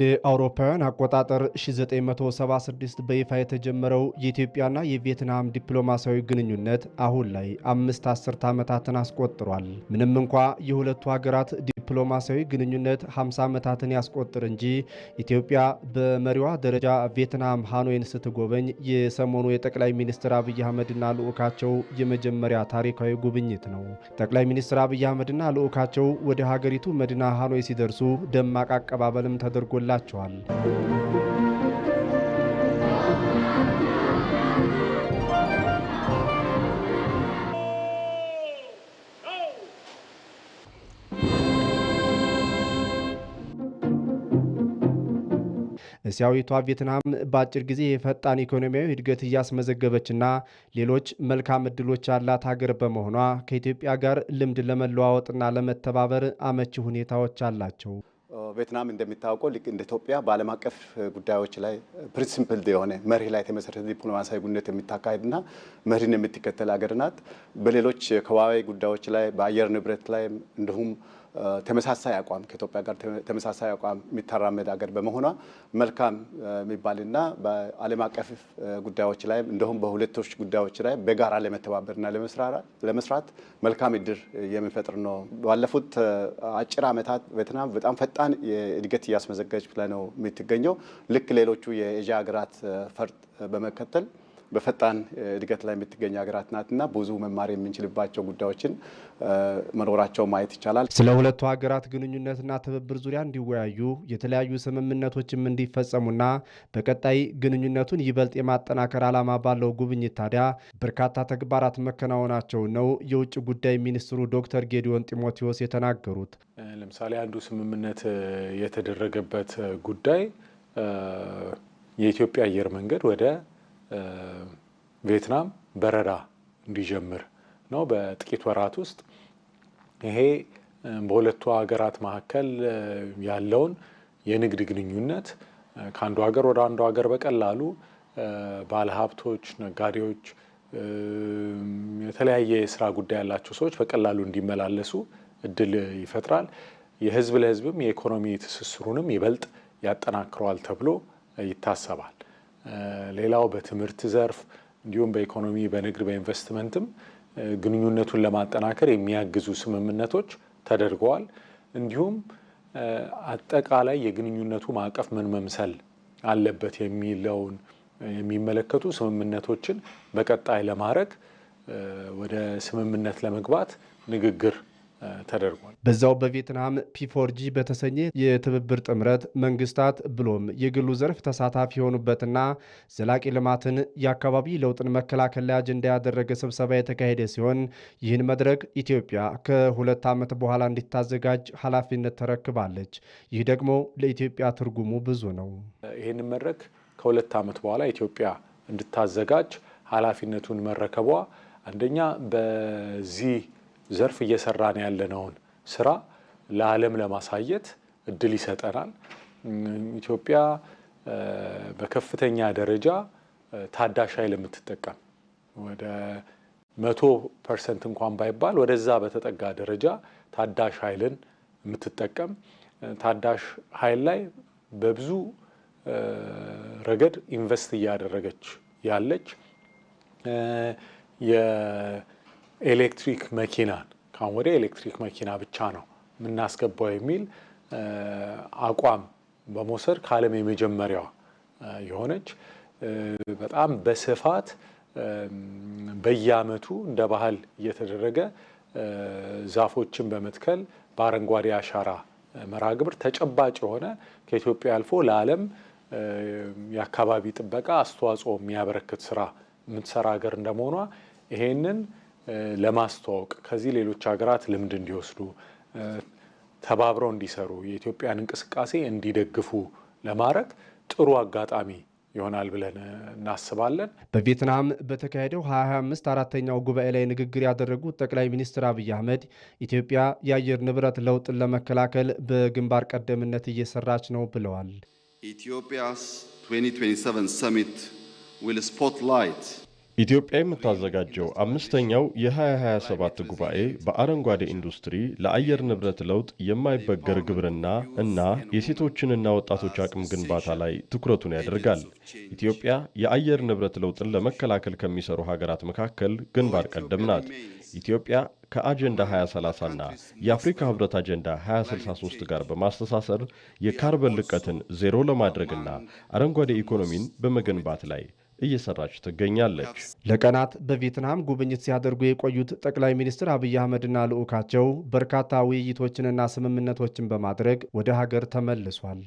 እንደ አውሮፓውያን አቆጣጠር 1976 በይፋ የተጀመረው የኢትዮጵያና የቪየትናም ዲፕሎማሲያዊ ግንኙነት አሁን ላይ አምስት አስርት ዓመታትን አስቆጥሯል። ምንም እንኳ የሁለቱ ሀገራት ዲፕሎማሲያዊ ግንኙነት 50 ዓመታትን ያስቆጥር እንጂ ኢትዮጵያ በመሪዋ ደረጃ ቪየትናም ሃኖይን ስትጎበኝ የሰሞኑ የጠቅላይ ሚኒስትር አብይ አህመድና ልዑካቸው የመጀመሪያ ታሪካዊ ጉብኝት ነው። ጠቅላይ ሚኒስትር አብይ አህመድና ልዑካቸው ወደ ሀገሪቱ መዲና ሃኖይ ሲደርሱ ደማቅ አቀባበልም ተደርጎላቸዋል። እስያዊቷ ቪየትናም በአጭር ጊዜ የፈጣን ኢኮኖሚያዊ እድገት እያስመዘገበችና ሌሎች መልካም እድሎች ያላት ሀገር በመሆኗ ከኢትዮጵያ ጋር ልምድ ለመለዋወጥና ለመተባበር አመቺ ሁኔታዎች አላቸው። ቪየትናም እንደሚታወቀው ልክ እንደ ኢትዮጵያ በዓለም አቀፍ ጉዳዮች ላይ ፕሪንሲፕል የሆነ መርህ ላይ የተመሰረተ ዲፕሎማሲያዊ ግንኙነት የምታካሄድና መርህን የምትከተል ሀገር ናት። በሌሎች ከባቢ ጉዳዮች ላይ በአየር ንብረት ላይ እንዲሁም ተመሳሳይ አቋም ከኢትዮጵያ ጋር ተመሳሳይ አቋም የሚታራመድ ሀገር በመሆኗ መልካም የሚባልና በዓለም አቀፍ ጉዳዮች ላይ እንደሁም በሁለቶች ጉዳዮች ላይ በጋራ ለመተባበርና ለመስራት መልካም እድር የሚፈጥር ነው። ባለፉት አጭር ዓመታት ቬትናም በጣም ፈጣን እድገት እያስመዘገጅ ብለ ነው የምትገኘው። ልክ ሌሎቹ የኤዥያ ሀገራት ፈርጥ በመከተል በፈጣን እድገት ላይ የምትገኝ ሀገራት ናትና ብዙ መማር የምንችልባቸው ጉዳዮችን መኖራቸው ማየት ይቻላል። ስለ ሁለቱ ሀገራት ግንኙነትና ትብብር ዙሪያ እንዲወያዩ የተለያዩ ስምምነቶችም እንዲፈጸሙና በቀጣይ ግንኙነቱን ይበልጥ የማጠናከር ዓላማ ባለው ጉብኝት ታዲያ በርካታ ተግባራት መከናወናቸው ነው የውጭ ጉዳይ ሚኒስትሩ ዶክተር ጌዲዮን ጢሞቴዎስ የተናገሩት። ለምሳሌ አንዱ ስምምነት የተደረገበት ጉዳይ የኢትዮጵያ አየር መንገድ ወደ ቪየትናም በረራ እንዲጀምር ነው በጥቂት ወራት ውስጥ። ይሄ በሁለቱ ሀገራት መካከል ያለውን የንግድ ግንኙነት ከአንዱ ሀገር ወደ አንዱ ሀገር በቀላሉ ባለሀብቶች፣ ነጋዴዎች፣ የተለያየ የስራ ጉዳይ ያላቸው ሰዎች በቀላሉ እንዲመላለሱ እድል ይፈጥራል። የህዝብ ለህዝብም የኢኮኖሚ ትስስሩንም ይበልጥ ያጠናክረዋል ተብሎ ይታሰባል። ሌላው በትምህርት ዘርፍ እንዲሁም በኢኮኖሚ፣ በንግድ፣ በኢንቨስትመንትም ግንኙነቱን ለማጠናከር የሚያግዙ ስምምነቶች ተደርገዋል። እንዲሁም አጠቃላይ የግንኙነቱ ማዕቀፍ ምን መምሰል አለበት የሚለውን የሚመለከቱ ስምምነቶችን በቀጣይ ለማድረግ ወደ ስምምነት ለመግባት ንግግር ተደርጓል። በዛው በቪየትናም ፒፎርጂ በተሰኘ የትብብር ጥምረት መንግስታት ብሎም የግሉ ዘርፍ ተሳታፊ የሆኑበትና ዘላቂ ልማትን የአካባቢ ለውጥን መከላከል ላይ አጀንዳ ያደረገ ስብሰባ የተካሄደ ሲሆን ይህን መድረክ ኢትዮጵያ ከሁለት ዓመት በኋላ እንዲታዘጋጅ ኃላፊነት ተረክባለች። ይህ ደግሞ ለኢትዮጵያ ትርጉሙ ብዙ ነው። ይህን መድረክ ከሁለት ዓመት በኋላ ኢትዮጵያ እንድታዘጋጅ ኃላፊነቱን መረከቧ አንደኛ በዚህ ዘርፍ እየሰራን ያለነውን ስራ ለዓለም ለማሳየት እድል ይሰጠናል። ኢትዮጵያ በከፍተኛ ደረጃ ታዳሽ ኃይል የምትጠቀም ወደ መቶ ፐርሰንት እንኳን ባይባል ወደዛ በተጠጋ ደረጃ ታዳሽ ኃይልን የምትጠቀም ታዳሽ ኃይል ላይ በብዙ ረገድ ኢንቨስት እያደረገች ያለች ኤሌክትሪክ መኪናን ካሁን ወደ ኤሌክትሪክ መኪና ብቻ ነው የምናስገባው የሚል አቋም በመውሰድ ከዓለም የመጀመሪያዋ የሆነች በጣም በስፋት በየአመቱ እንደ ባህል እየተደረገ ዛፎችን በመትከል በአረንጓዴ አሻራ መራግብር ተጨባጭ የሆነ ከኢትዮጵያ አልፎ ለዓለም የአካባቢ ጥበቃ አስተዋጽኦ የሚያበረክት ስራ የምትሰራ ሀገር እንደመሆኗ ይሄንን ለማስተዋወቅ ከዚህ ሌሎች ሀገራት ልምድ እንዲወስዱ ተባብረው እንዲሰሩ የኢትዮጵያን እንቅስቃሴ እንዲደግፉ ለማድረግ ጥሩ አጋጣሚ ይሆናል ብለን እናስባለን። በቪየትናም በተካሄደው 25 አራተኛው ጉባኤ ላይ ንግግር ያደረጉት ጠቅላይ ሚኒስትር አብይ አህመድ ኢትዮጵያ የአየር ንብረት ለውጥን ለመከላከል በግንባር ቀደምነት እየሰራች ነው ብለዋል። ኢትዮጵያስ 2027 ሰሚት ዊል ስፖትላይት ኢትዮጵያ የምታዘጋጀው አምስተኛው የ2027 ጉባኤ በአረንጓዴ ኢንዱስትሪ ለአየር ንብረት ለውጥ የማይበገር ግብርና እና የሴቶችንና ወጣቶች አቅም ግንባታ ላይ ትኩረቱን ያደርጋል። ኢትዮጵያ የአየር ንብረት ለውጥን ለመከላከል ከሚሰሩ ሀገራት መካከል ግንባር ቀደም ናት። ኢትዮጵያ ከአጀንዳ 2030 እና የአፍሪካ ህብረት አጀንዳ 2063 ጋር በማስተሳሰር የካርበን ልቀትን ዜሮ ለማድረግና አረንጓዴ ኢኮኖሚን በመገንባት ላይ እየሰራች ትገኛለች። ለቀናት በቪየትናም ጉብኝት ሲያደርጉ የቆዩት ጠቅላይ ሚኒስትር አብይ አህመድና ልዑካቸው በርካታ ውይይቶችንና ስምምነቶችን በማድረግ ወደ ሀገር ተመልሷል።